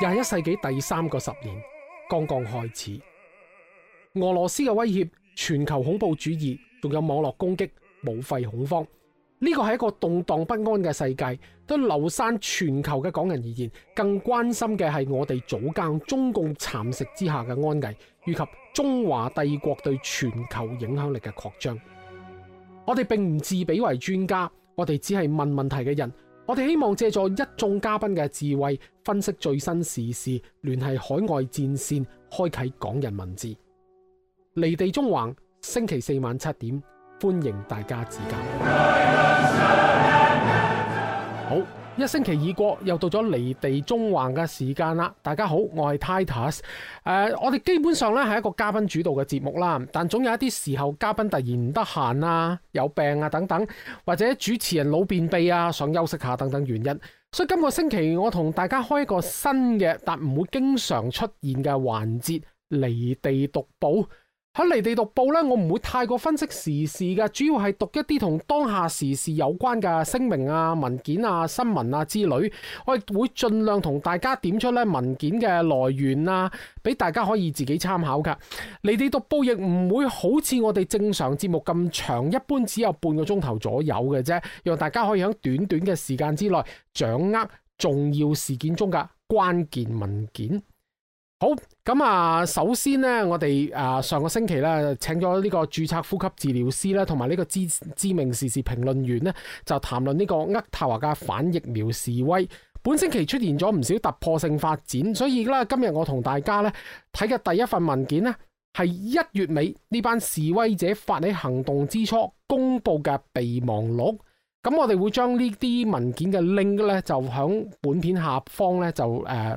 廿一世紀第三個十年剛剛開始，俄羅斯嘅威脅、全球恐怖主義、仲有網絡攻擊、武肺恐慌，呢個係一個動蕩不安嘅世界。對流散全球嘅港人而言，更關心嘅係我哋祖家中共蠶食之下嘅安危，以及中華帝國對全球影響力嘅擴張。我哋並唔自比為專家，我哋只係問問題嘅人。我哋希望借助一眾嘉賓嘅智慧，分析最新時事，聯繫海外戰線，開啟港人民智。離地縱橫，星期四晚七點，歡迎大家指教。一星期已過，又到咗離地縱橫嘅時間啦！大家好，我係 Titus。誒、呃，我哋基本上咧係一個嘉賓主導嘅節目啦，但總有一啲時候嘉賓突然唔得閒啊、有病啊等等，或者主持人老便秘啊、想休息下等等原因，所以今個星期我同大家開一個新嘅，但唔會經常出現嘅環節——離地讀報。喺離地讀報咧，我唔會太過分析時事噶，主要係讀一啲同當下時事有關嘅聲明啊、文件啊、新聞啊之類。我亦會盡量同大家點出咧文件嘅來源啊，俾大家可以自己參考噶。離地讀報亦唔會好似我哋正常節目咁長，一般只有半個鐘頭左右嘅啫，讓大家可以喺短短嘅時間之內掌握重要事件中嘅關鍵文件。好咁啊！首先咧，我哋啊上個星期咧，請咗呢個註冊呼吸治療師呢，同埋呢個知知名時事評論員咧，就談論呢個渥太華嘅反疫苗示威。本星期出現咗唔少突破性發展，所以啦，今日我同大家咧睇嘅第一份文件呢，係一月尾呢班示威者發起行動之初公布嘅備忘錄。咁我哋會將呢啲文件嘅 link 咧，就響本片下方咧，就誒。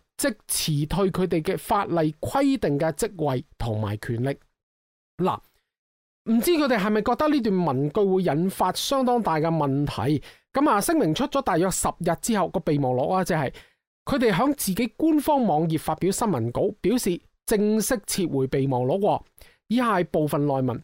即辭退佢哋嘅法例規定嘅職位同埋權力。嗱、啊，唔知佢哋係咪覺得呢段文句會引發相當大嘅問題？咁啊，聲明出咗大約十日之後，個備忘錄啊，即係佢哋響自己官方網頁發表新聞稿，表示正式撤回備忘錄、啊。以下係部分內文。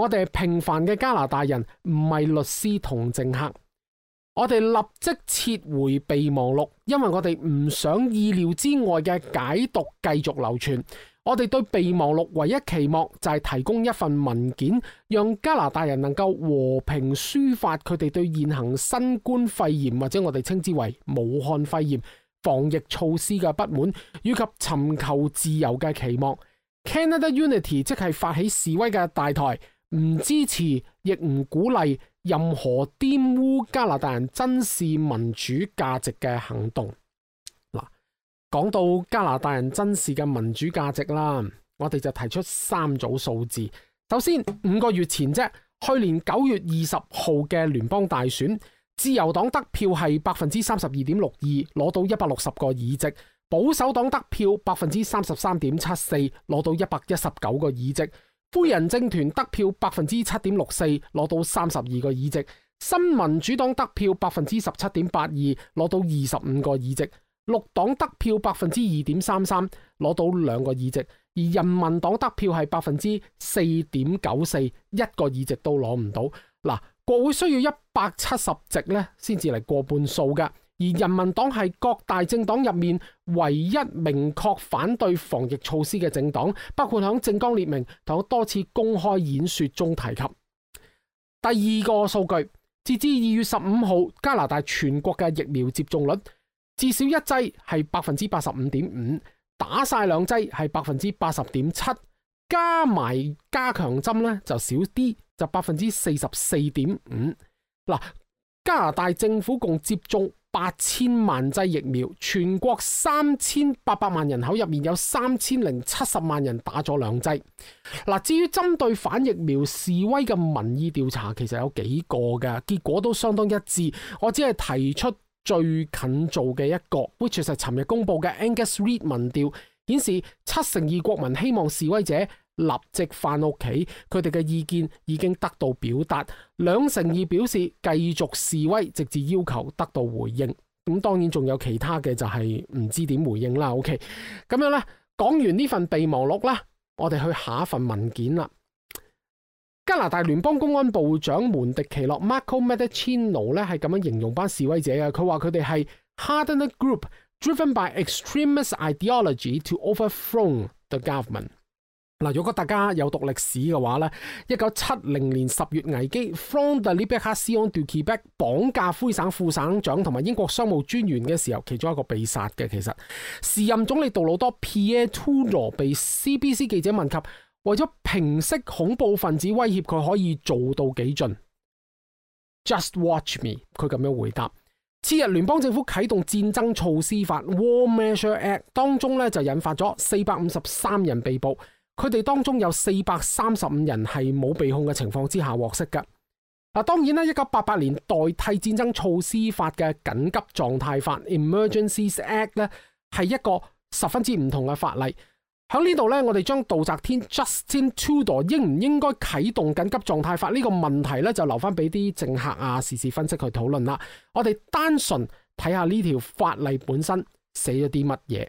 我哋平凡嘅加拿大人，唔係律師同政客。我哋立即撤回備忘錄，因為我哋唔想意料之外嘅解讀繼續流傳。我哋對備忘錄唯一期望就係提供一份文件，讓加拿大人能夠和平抒發佢哋對現行新冠肺炎或者我哋稱之為武漢肺炎防疫措施嘅不滿，以及尋求自由嘅期望。Canada Unity 即係發起示威嘅大台。唔支持亦唔鼓勵任何玷污加拿大人珍視民主價值嘅行動。嗱，講到加拿大人珍視嘅民主價值啦，我哋就提出三組數字。首先，五個月前啫，去年九月二十號嘅聯邦大選，自由黨得票係百分之三十二點六二，攞到一百六十個議席；保守黨得票百分之三十三點七四，攞到一百一十九個議席。魁人政團得票百分之七點六四，攞到三十二個議席；新民主黨得票百分之十七點八二，攞到二十五個議席；綠黨得票百分之二點三三，攞到兩個議席；而人民黨得票係百分之四點九四，一個議席都攞唔到。嗱，國會需要一百七十席咧，先至嚟過半數㗎。而人民黨係各大政黨入面唯一明確反對防疫措施嘅政黨，包括喺政綱列明同多次公開演說中提及。第二個數據，截至二月十五號，加拿大全國嘅疫苗接種率至少一劑係百分之八十五點五，打晒兩劑係百分之八十點七，加埋加強針咧就少啲，就百分之四十四點五。嗱，加拿大政府共接種。八千萬劑疫苗，全國三千八百萬人口入面有三千零七十萬人打咗兩劑。嗱，至於針對反疫苗示威嘅民意調查，其實有幾個嘅結果都相當一致。我只係提出最近做嘅一個，which 係尋日公布嘅 Angus Reid 民調顯示，七成二國民希望示威者。立即返屋企，佢哋嘅意見已經得到表達。兩成二表示繼續示威，直至要求得到回應。咁當然仲有其他嘅就係唔知點回應啦。OK，咁樣咧，講完呢份備忘錄啦，我哋去下一份文件啦。加拿大聯邦公安部長門迪奇諾 Marco Mendicino 呢係咁樣形容班示威者嘅，佢話佢哋係 hardened group，driven by extremist ideology to overthrow the government。嗱，如果大家有讀歷史嘅話咧，一九七零年十月危機 Front de libération du Québec 綁架魁省副省長同埋英國商務專員嘅時候，其中一個被殺嘅。其實，時任總理杜魯多 Pierre Trudeau 被 CBC 記者問及，為咗平息恐怖分子威脅，佢可以做到幾盡？Just watch me，佢咁樣回答。次日，聯邦政府啟動戰爭措施法 War Measure Act，當中咧就引發咗四百五十三人被捕。佢哋當中有四百三十五人係冇被控嘅情況之下獲釋嘅。嗱，當然啦，一九八八年代替戰爭措施法嘅緊急狀態法 （Emergency Act） 呢係一個十分之唔同嘅法例。喺呢度呢，我哋將杜澤天 （Justin t u d o r u 應唔應該啟動緊急狀態法呢個問題呢，就留翻俾啲政客啊、時事分析去討論啦。我哋單純睇下呢條法例本身寫咗啲乜嘢。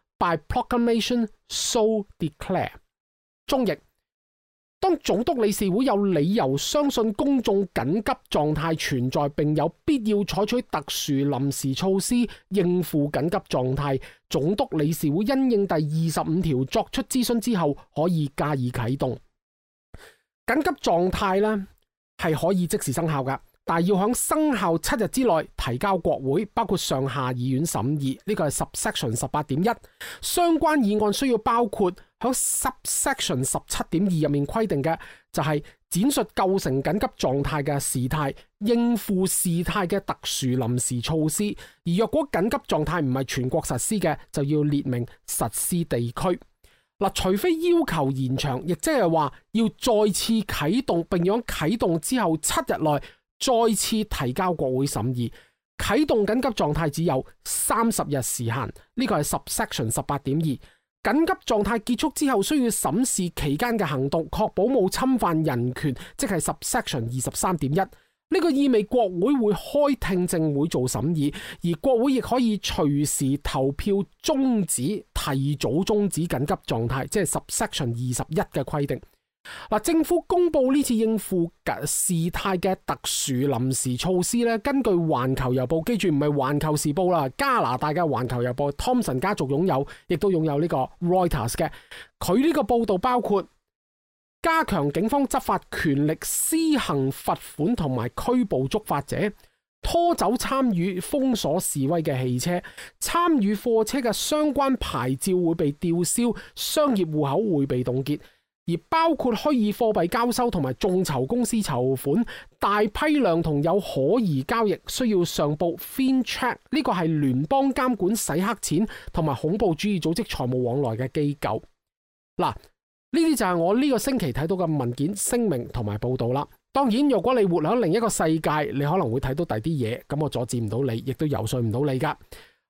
By proclamation, so declare。中譯：當總督理事會有理由相信公眾緊急狀態存在，並有必要採取特殊臨時措施應付緊急狀態，總督理事會因應第二十五條作出諮詢之後，可以加以啟動緊急狀態呢，係可以即時生效噶。但要喺生效七日之內提交國會，包括上下議院審議。呢個係 subsection 十八點一。相關議案需要包括喺 subsection 十七點二入面規定嘅，就係闡述構成緊急狀態嘅事態，應付事態嘅特殊臨時措施。而若果緊急狀態唔係全國實施嘅，就要列明實施地區。嗱，除非要求延長，亦即係話要再次啟動，並要喺啟動之後七日內，再次提交國會審議，啟動緊急狀態只有三十日時限，呢個係 Subsection 十八點二。緊急狀態結束之後，需要審視期間嘅行動，確保冇侵犯人權，即係 Subsection 二十三點一。呢、這個意味國會會開聽證會做審議，而國會亦可以隨時投票終止提早終止緊急狀態，即係 Subsection 二十一嘅規定。嗱，政府公布呢次應付嘅事態嘅特殊臨時措施咧，根據環球郵報，記住唔係環球時報啦，加拿大嘅環球郵報，湯神家族擁有，亦都擁有呢個 Reuters 嘅，佢呢個報道包括加強警方執法權力，施行罰款同埋拘捕觸法者，拖走參與封鎖示威嘅汽車，參與貨車嘅相關牌照會被吊銷，商業戶口會被凍結。而包括虛擬貨幣交收同埋眾籌公司籌款大批量同有可疑交易，需要上報 FinCEN。呢個係聯邦監管洗黑錢同埋恐怖主義組織財務往來嘅機構。嗱，呢啲就係我呢個星期睇到嘅文件聲明同埋報道啦。當然，若果你活喺另一個世界，你可能會睇到第啲嘢，咁我阻止唔到你，亦都游説唔到你㗎。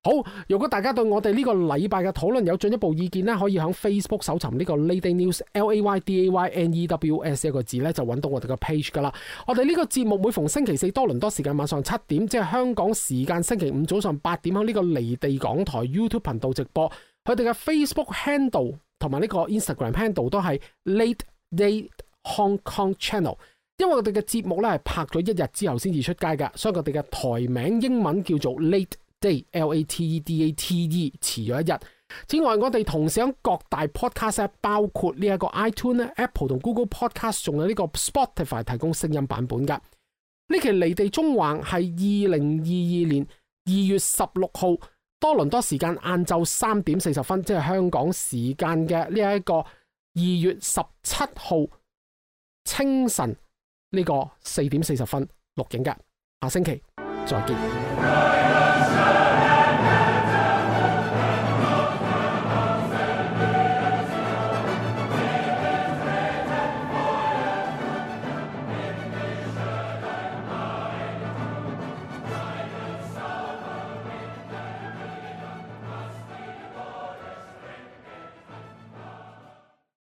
好，如果大家對我哋呢個禮拜嘅討論有進一步意見呢可以喺 Facebook 搜尋呢個 Lady News L A Y D A Y N E W S 一個字呢就揾到我哋嘅 page 噶啦。我哋呢個節目每逢星期四多倫多時間晚上七點，即係香港時間星期五早上八點，喺呢個離地港台 YouTube 頻道直播。佢哋嘅 Facebook handle 同埋呢個 Instagram handle 都係 Late Day Hong Kong Channel。因為我哋嘅節目呢係拍咗一日之後先至出街噶，所以佢哋嘅台名英文叫做 Late。即係 late date，遲咗一日。此外，我哋同時喺各大 podcast 包括呢一個 iTunes、Apple 同 Google podcast，仲有呢個 Spotify 提供聲音版本噶。呢期離地縱橫係二零二二年二月十六號多倫多時間晏晝三點四十分，即係香港時間嘅呢一個二月十七號清晨呢個四點四十分錄影噶。下星期再見。